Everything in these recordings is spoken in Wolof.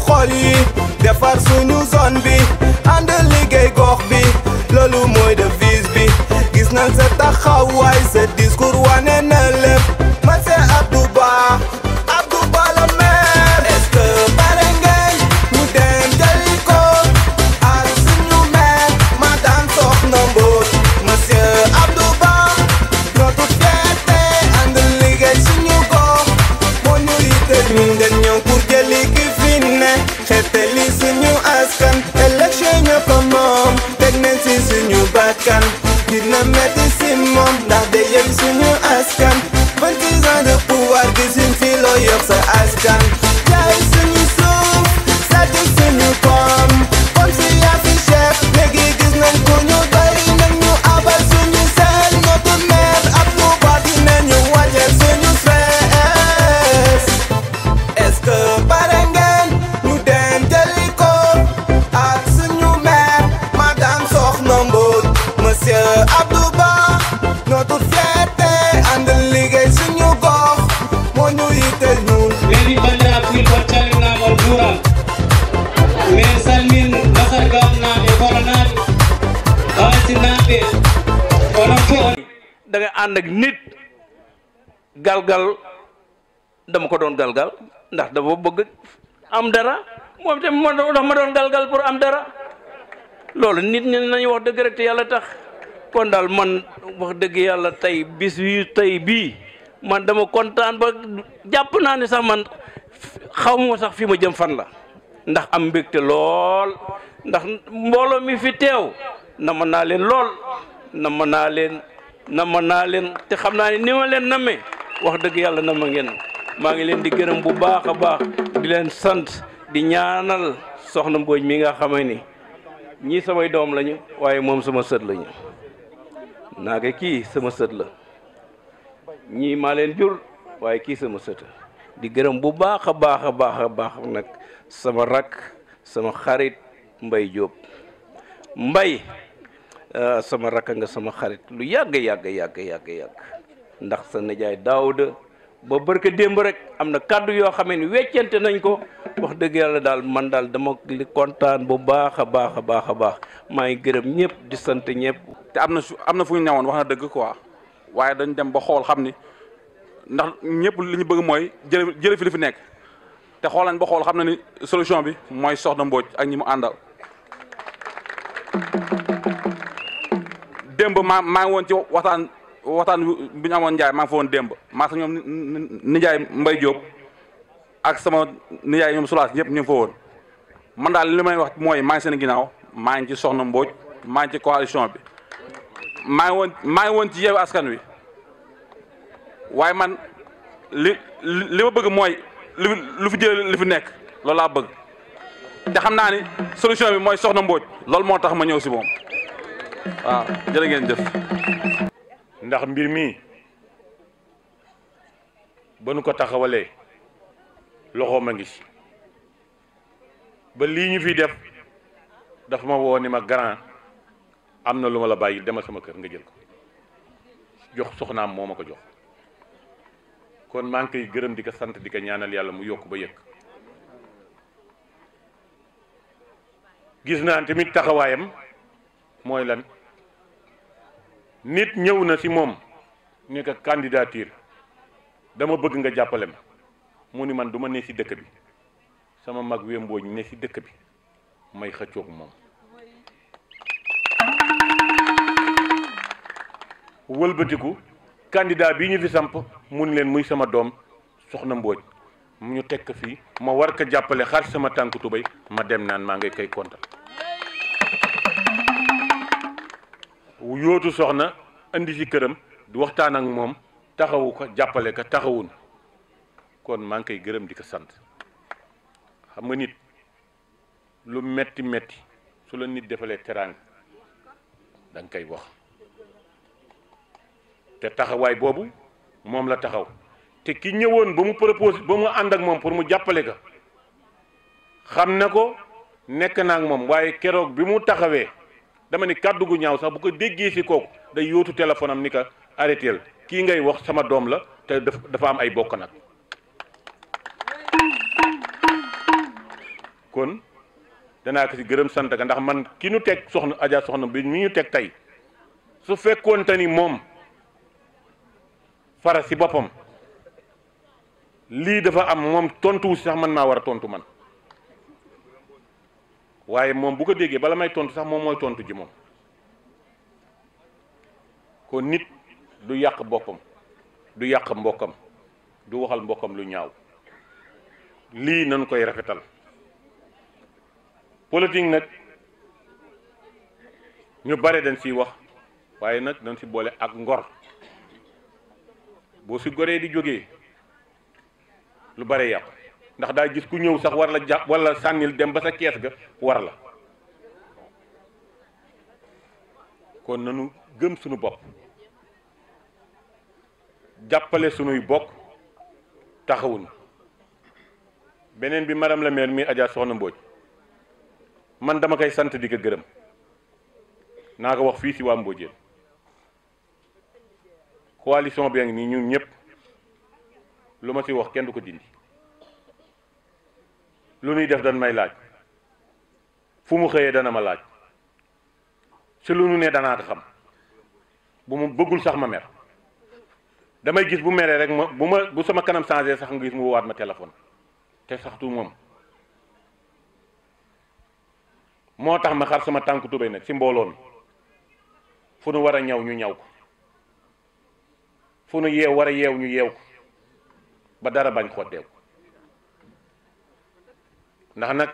xol yi defar suñu zone doar găsim filoi, eu să ascan Ceasul nu sunt, să te simți da nga ak nit galgal dama ko gal galgal ndax dafa bëgg am dara mom tam mo do ma gal galgal pour am dara loolu nit ñi nañ wax deug rek te yalla tax kon dal man wax deug yalla tay bis yu tay bi man dama contane ba japp na ni sax man xawmu sax fi ma jëm fan la ndax am mbekté lol ndax mbolo mi fi na ma lol na ma nama naa leen te xamna ni ma len namé wax deug yalla nama ngeen ma ngi len di gërëm bu baaxa baax di len sante di ñaanal soxna mboj mi nga xamé ni ñi samay doom lañu waye mom sama sët lañu naa ko sama sët la ñi ma len jur waye ki sama sët di gërëm bu baaxa baaxa baaxa baax nak sama rak sama xarit Mbay job Mbay Euh, sama rakk nga sama xarit lu yàgg yàgg yàgg yàgg yàgg ndax sa nijaay Daawuda ba barka démb rek am na kàddu yoo xamee ni weccante nañ ko wax dëgg yàlla daal man daal dama li kontaan bu baax a baax a baax a baax maa ngi gërëm ñëpp di sant ñëpp. te am na su am na fu ñu newoon wax na dëgg quoi waaye dañ dem ba xool xam ni ndax ñëpp li ñu bëgg mooy jële jële fi li fi nekk te xool ba xool xam na ni solution bi mooy Soxna Mbodj ak ñi mu àndal. démb maa maa ngi woon ci waxtaan waxtaan bi ñu amoon Ndiaye maa ngi démb maa sax nijaay Mbay Diop ak sama nijaay ñoom Sulaas ñëpp ñu fa woon man daal li may wax mooy maa ngi seen ginnaaw maa ngi ci soxna mbooj maa ngi ci coalition bi maa ngi woon maa woon ci yeewu askan wi waaye man li li ma bëgg mooy lu lu fi jëlee li fi nekk loolu laa bëgg te xam naa ni solution bi mooy soxna mbooj loolu moo tax ma ñëw si moom. waaw jërë ngeen jëf. ndax mbir mi ba nu ko taxawalee loxoom a ngi ba lii ñu fi def dafa ma woo ni ma grand am na lu ma la bàyyi demal sama kër nga jël ko jox soxnaam moo ma ko jox kon maa ngi koy gërëm di ko sant di ko ñaanal yàlla mu yokk ba yëkk gis naa tamit taxawaayam mooy lan. nit ñew na ci mom ne ka candidature dama bëgg nga jàppale ma mu ni man duma ne ci dëkk bi sama mag wémbooñ ne ci dëkk bi may xëccok mom wëlbatiku candidat bi ñu fi samp mu ni leen muy sama dom, soxna mbooj ñu tek fi ma war ka jappalé xar sama tanku tubay ma dem naan ma ngay kay kontal yootu soxna indi si këram di waxtaan ak moom taxawu ko jàppale ko taxawun kon maa ngi koy gërëm di ko sant xam nga nit lu metti metti su la nit defalee teraanga da nga koy wax te taxawaay boobu moom la taxaw te ki ñëwoon ba mu proposé ba mu ànd ak moom pour mu jàppale ko xam na ko nekk naa ak moom waaye keroog bi mu taxawee dama ne kàddu gu ñaaw sax bu ko déggee si kooku day yootu téléphone am ni ko arrêtéel kii ngay wax sama doom la te dafa am ay bokk nag kon danaa ko si gërëm sant ka ndax man ki ñu teg soxna Adja soxna bi mi ñu teg tey su fekkoon te ni moom fara si boppam lii dafa am moom tontuwu si sax man maa war a tontu man waaye moom bu ko déggee bala may tontu sax moom mooy tontu ji moom kon nit du yàq boppam du yàq mbokkam du waxal mbokkam lu ñaaw lii nañ koy rafetal politique nag ñu bare dañ siy wax waaye nag dañ si boole ak ngor boo si goree di jógee lu bare yàq ndax da gis ku ñew sax war la wala sanil dem ba sa kees ga war la kon nañu gëm sunu bop jappalé suñu bok taxawuñ benen bi madame la mer mi Adja Soxna mboj man dama kay sante diga gërem naka wax fi si wa Mbodjeen coalition bi ngi ñun luma ci wax kenn duko dindi lu nuy def dan may laaj fu mu xëyee dana ma laaj si lu nu ne danaa ko xam bu mu bëggul sax ma mer damay gis bu meree rek ma bu sama kanam changé sax nga gis mu woowaat ma téléphone te saxtu moom moo tax ma xar sama tànk tubéy nag si mbooloon mi fu nu war a ñaw ñu ñaw ko fu nu yeew war a yeew ñu yeew ko ba dara bañ xotteeku ndax nag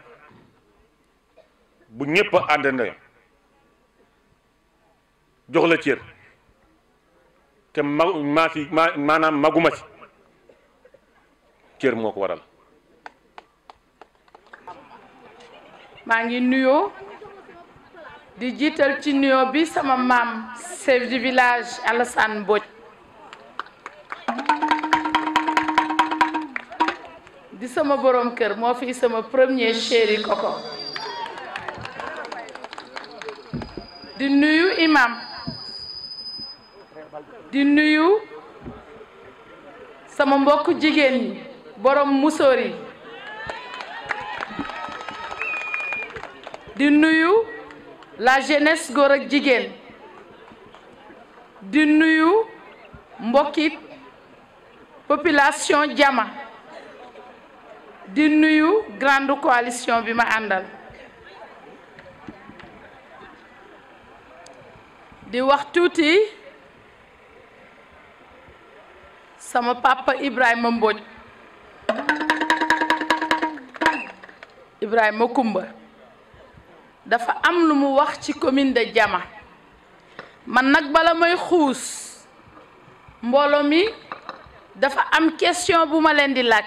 bu ñëpp àndandoo jox la cër te ma maa maa maanaam maguma ci cër moo ko waral. maa ngi nuyoo di jiital ci nuyoo bi sama maam chef du village Alassane Mbodj di sama borom fi sama premier chéri koko di nuyu imam di nuyu sama mbokk jigen borom di nuyu la jeunesse góor ak di nuyu population jama di nuyu grande coalition bi ma andal, di wax touti sama papa Ibrahima Mbodj Ibrahima Kumba dafa am lu mu wax ci commune de jama man nak bala may xuus mbolo mi dafa am question bu len di laaj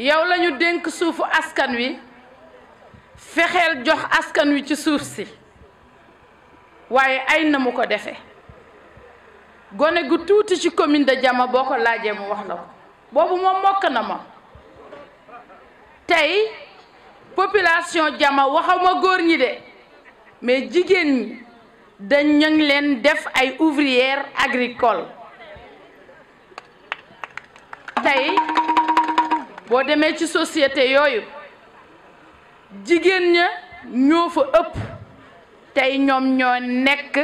yow lañu dénk suufu askan wi fexeel jox askan wi ci suuf si waaye ay na mu ko defe gone gu tuuti ci commune de Diama boo ko laajee mu wax la ko boobu moom mokk na ma tey population Diama waxuma góor ñi de mais jigéen ñi dañu leen def ay ouvrière agricole tey boo demee ci société yooyu jigéen ña ñoo fa ëpp tey ñoom ñoo nekk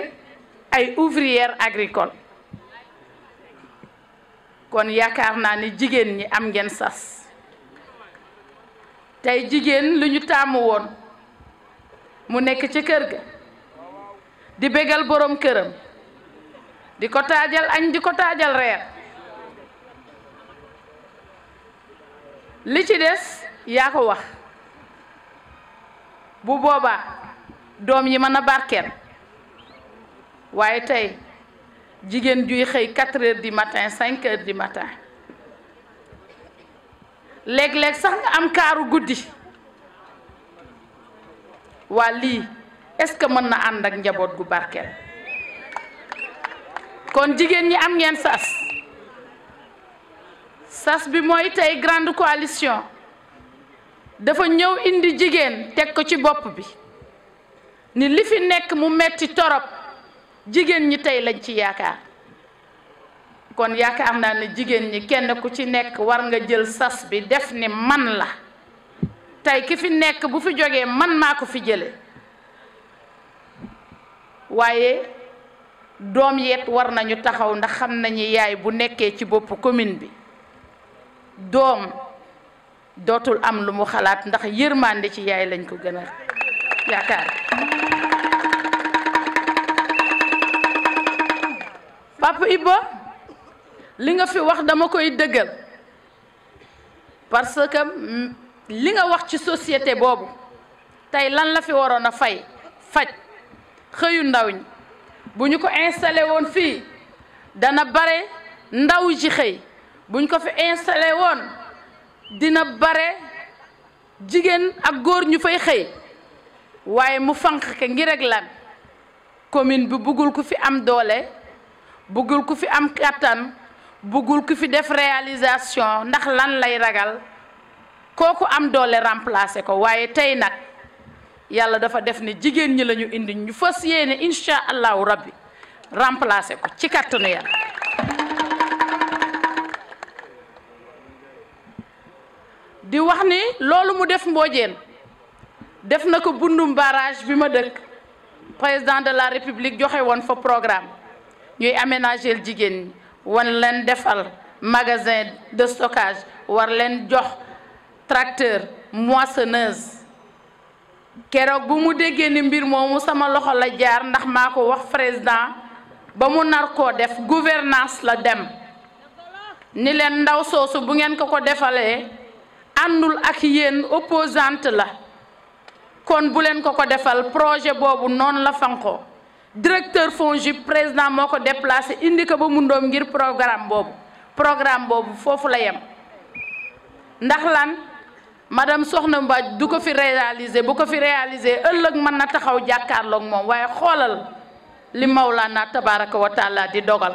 ay ouvrière agricole kon yaakaar naa ni jigéen ñi am ngeen sas tey jigéen lu ñu taamu woon mu nekk ci kër ga di bégal boroom këram di ko taajal añ di ko taajal reer li ci des yaa ko wax bu boobaa doom yi mën na barkeel waaye tey jigéen juy xëy quatre heures du matin cinq heures du matin léeg-léeg sax nga am kaaru guddi waa lii est-ce que mën na ànd ak njaboot gu barkeel kon jigéen ñi am ngeen sas sas bi mooy tey grande coalition dafa ñëw indi jigéen teg ko ci bopp bi ni li fi nekk mu metti torop jigéen ñi tey lañ ci yaakaar kon yaakaar naa ne jigéen ñi kenn ku ci nekk war nga jël sas bi def ni man la tey ki fi nekk bu fi jógee man maa ko fi jële waaye doom yet war nañu taxaw ndax xam nañu yaay bu nekkee ci bopp commune bi doom dootul am lu mu xalaat ndax yërmande ci yaay lañ ko gën a yaakaar papa Iba li nga fi wax dama koy dëggal parce que li nga wax ci societé boobu tey lan la fi waroon a fay faj xëyu ndaw ñi bu ñu ko installe woon fii dana bare ndaw ji xëy buñ ko fi installer woon dina bare jigéen ak góor ñu fay xëy waaye mu fanq ke ngir rek lan commune bi bëggul ku fi am doole bëggul ku fi am kàttan buggul ku fi def réalisation ndax lan lay ragal kooku am doole remplacer ko waaye tey nag yàlla dafa def ne jigéen ñi lañu indi ñu fas yéene incha allahu rabbi remplacer ko ci kàttanu yàlla di wax ni loolu mu def mboojeen def na ko bundum barrage bi ma dëkk président de la république joxe woon fa programme ñuy aménager jigéen ñi wan leen defal magasin de stockage war leen jox tracteur moissonneuse keroog bu mu déggee ni mbir moomu sama loxo la jaar ndax maa ko wax président ba mu nar koo def gouvernance la dem ni leen ndaw soosu bu ngeen ko ko defalee àndul ak yéen opposante la kon bu leen ko ko defal projet boobu noonu la fanqo directeur FONGIP président moo ko déplacé indi ko ba mu ndoom ngir programme boobu programme boobu foofu la yem ndax lan madame Soxna Mbaj du ko fi réaliser bu ko fi réaliser ëllëg mën na taxaw jàkkaarlook moom waaye xoolal li Mawlaana tabaaraka wa taala di dogal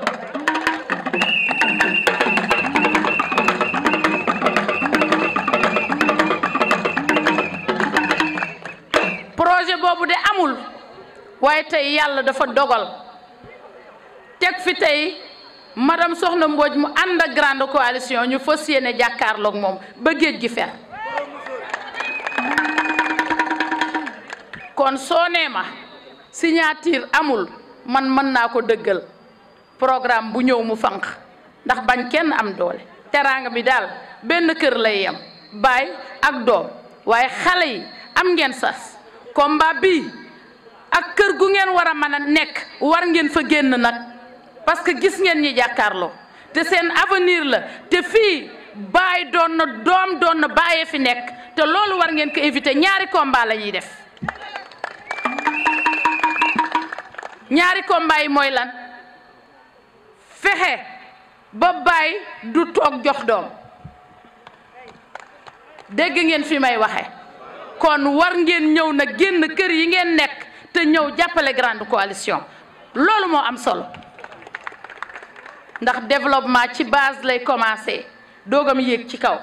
boobu de amul waaye tey yàlla dafa dogal teg fi tey madame Soxna Mbodj mu ànd ak grande coalition ñu fas yéene jàkkaarloog moom ba géej gi fer kon soo nee ma signature amul man mën naa ko dëggal programme bu ñëw mu fanq ndax bañ kenn am doole teraanga bi daal benn kër lay yem baay ak doom waaye xale yi am ngeen sas combat bi ak keur gu ngeen wara mana nek war ngeen fa genn nak parce que gis ngeen ñi jakarlo te sen avenir la te fi bay doon na doom doon fi nek te lolu war ngeen ko éviter ñaari combat la def ñaari combat yi moy lan fexé ba bay du tok jox dom ngeen fi may waxe kon war ngeen ñëw na génn kër yi ngeen nekk te ñëw jàppale grande coalition loolu moo am solo ndax développement ci base lay commencé doogam yéeg ci kaw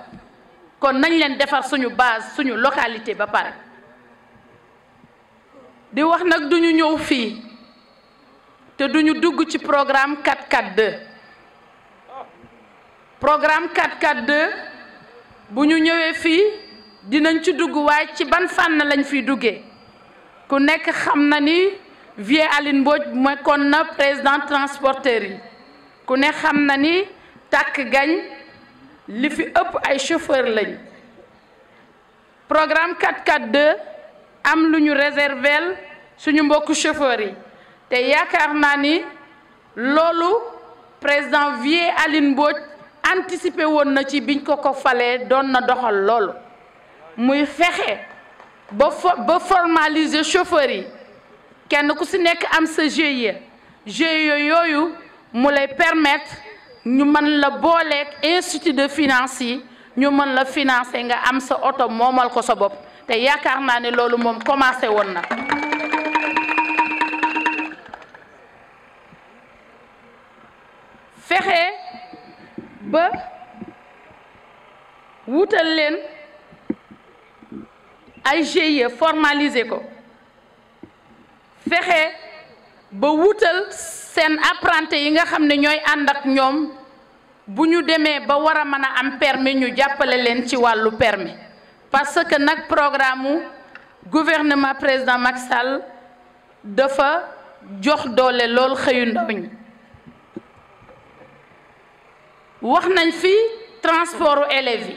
kon nañ leen defar suñu base suñu localité ba pare di wax nag duñu ñëw fii te duñu dugg ci programme 442 programme 442 bu ñu ñëwee fii dinañ ci dugg waaye ci ban fànn lañ fiy duggee ku nekk xam na ni Vieux Aline Mbodj nekkoon na président transporteur yi ku ne xam na ni tàkk gañ li fi ëpp ay chauffeur lañ programme 442 am lu ñu réservel suñu mbokku chauffeur yi te yaakaar naa ni loolu président Vieux Aline Mbodj anticipé woon na ci biñ ko ko falee doon na doxal loolu muy fexe ba ba formaliser chauffeur yi kenn ku si nek am sa GIE GIE yooyu mu lay permettre ñu man la booleeg institut de finance yi ñu man la financer nga am sa auto momal ko sa bopp te yaakaar naa ne loolu moom commencé woon na fexe ba wutal len ay GIE formalise ko fexe ba wutal seen apprenti yi nga xam ne ñooy ànd ak ñoom bu ñu demee ba war a mën a am permis ñu jàppale leen ci wàllu permi parce que nag programme mu gouvernement président Macky dafa jox doole lool xëyu ndaw ñi wax nañ fi transportu élèves yi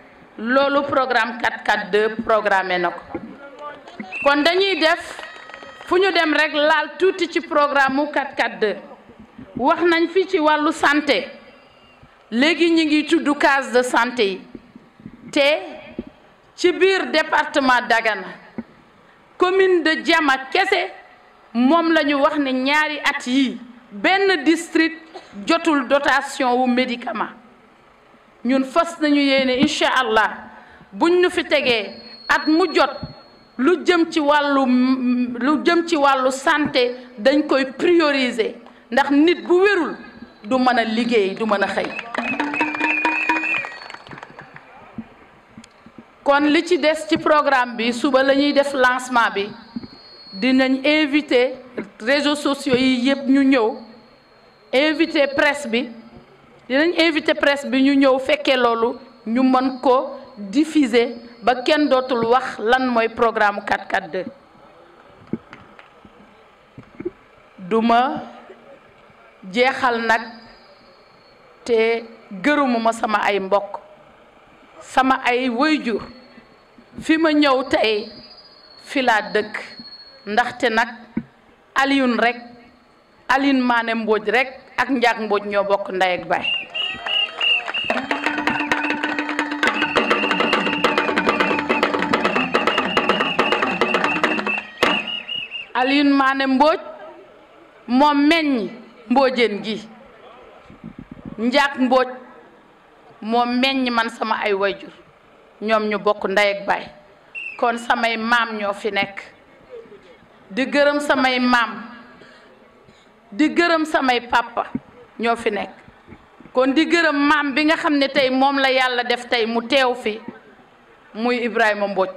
loolu programme 442 programmé na ko kon dañuy def fu ñu dem rek laal tuuti ci programme mu 442 wax nañ fi ci wàllu santé léegi ñu ngi tudd case de santé yi te ci biir département Dagana commune de Diama kese moom la ñu wax ne ñaari at yi benn district jotul dotation wu médicament ñun fas nañu yéene incha allah buñ ñu fi tegee at mu jot lu jëm ci wàllu lu jëm ci wàllu santé dañ koy prioriser ndax nit bu wérul du mën a liggéey du mën a xëy kon li ci des ci programme bi suba la ñuy def lancement bi dinañ invité réseau sociaux yi yëpp ñu ñëw invité presse bi dinañ invité presse bi ñu ñëw fekkee loolu ñu mën ko diffuser ba kenn dootul wax lan mooy programme 442 duma jeexal nag te gërëmuma sama ay mbokk sama ay waajur fi ma ñëw tey fi laa dëkk ndaxte nag Alioune rek Alioune Mané Mbodj rek ak njaag mbooj ñoo bokk ndey ak baay Alioune Mané Mbodj meññ mboojeen gi njaag mbooj moom meññ man sama ay wayjur ñoom ñu bokk ndey ak baay kon samay maam ñoo fi nekk di gërëm samay maam di gërëm samay pàppa ñoo fi nekk kon di gërëm maam bi nga xam ni tey moom la yàlla def tey mu teew fi muy Ibrahima Mbodj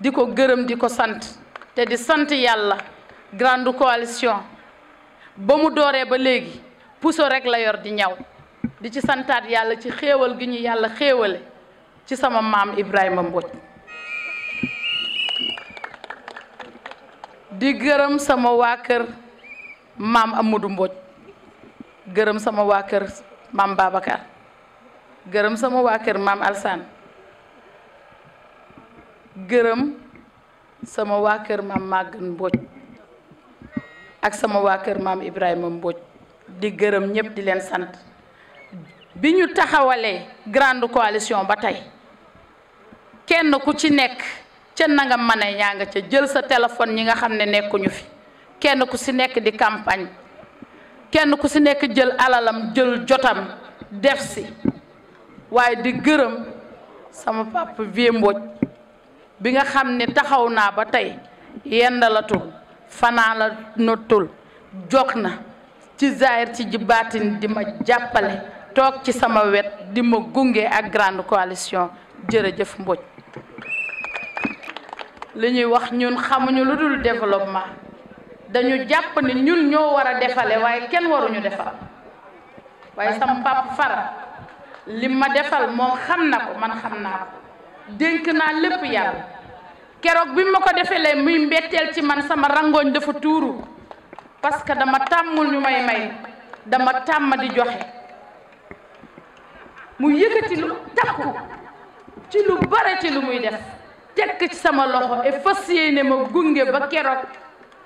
di ko gërëm di ko sant te di sant yàlla grande coalition ba mu dooree ba léegi puso rekk la yor di ñaw di ci santaat yàlla ci xéewal gi ñu yàlla xéewale ci sama maam Ibrahima Mbodj di gërëm sama waa kër Mam Amadou Mbodj geureum sama waker mam maam Babacar gërëm sama wa mam alsan, Alsane sama wa mam Magan Mbodj ak sama waker mam Ibrahim Ibrahima Mbodj di geureum ñep di len sant biñu taxawale grande coalition ba tey kenn ku ci nek ci nanga mané ñanga ci jël sa téléphone ñi nga xamné fi kenn ku si nekk di campagne kenn ku si nekk jël alalam jël jotam def si waaye di gërëm sama papa vie bi nga xam ni taxaw naa ba tey yendalatul fanaa la notul jog na ci zaahir ci ji baatin di ma jàppale toog ci sama wet di ma gunge ak grande coalition jërëjëf Mbodj li ñuy wax ñun xamuñu lu dul développement dañu jàpp ne ñun ñoo war a defale waaye kenn waruñu defal waaye sama papa fara li ma defal moom xam na ko man xam naa ko dénk naa lépp yàlla keroog bi ma ko defee defalee muy mbetteel ci man sama rangooñ dafa tuuru parce que dama tàmmul ñu may may dama tàmm di joxe mu yëkkati lu takku ci lu bare ci lu muy def tekk ci sama loxo et fas yéene ma gunge ba keroog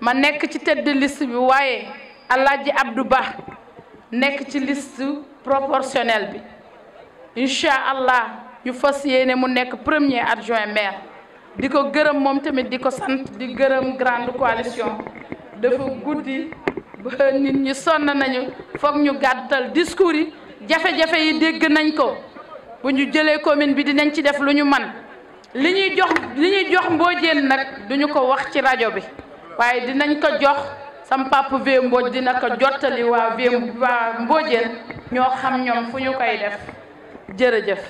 ma nekk ci tête de liste bi waaye Alaaji Abdou Ba nekk ci liste proportionnelle bi incha allah ñu fas yéene mu nekk premier adjoint maire di ko gërëm moom tamit di ko sant di gërëm grande coalition dafa guddi ba nit ñi sonn nañu foog ñu gàttal discours yi jafe-jafe yi dégg nañ ko bu ñu jëlee commune bi dinañ ci def lu ñu man li ñuy jox li ñuy jox mboojeen nag duñu ko wax ci rajo bi waaye dinañ ko jox sam papa Vieux dina ko jottali waa Vieux waa Mbodjeen ñoo xam ñoom fu ñu koy def jërëjëf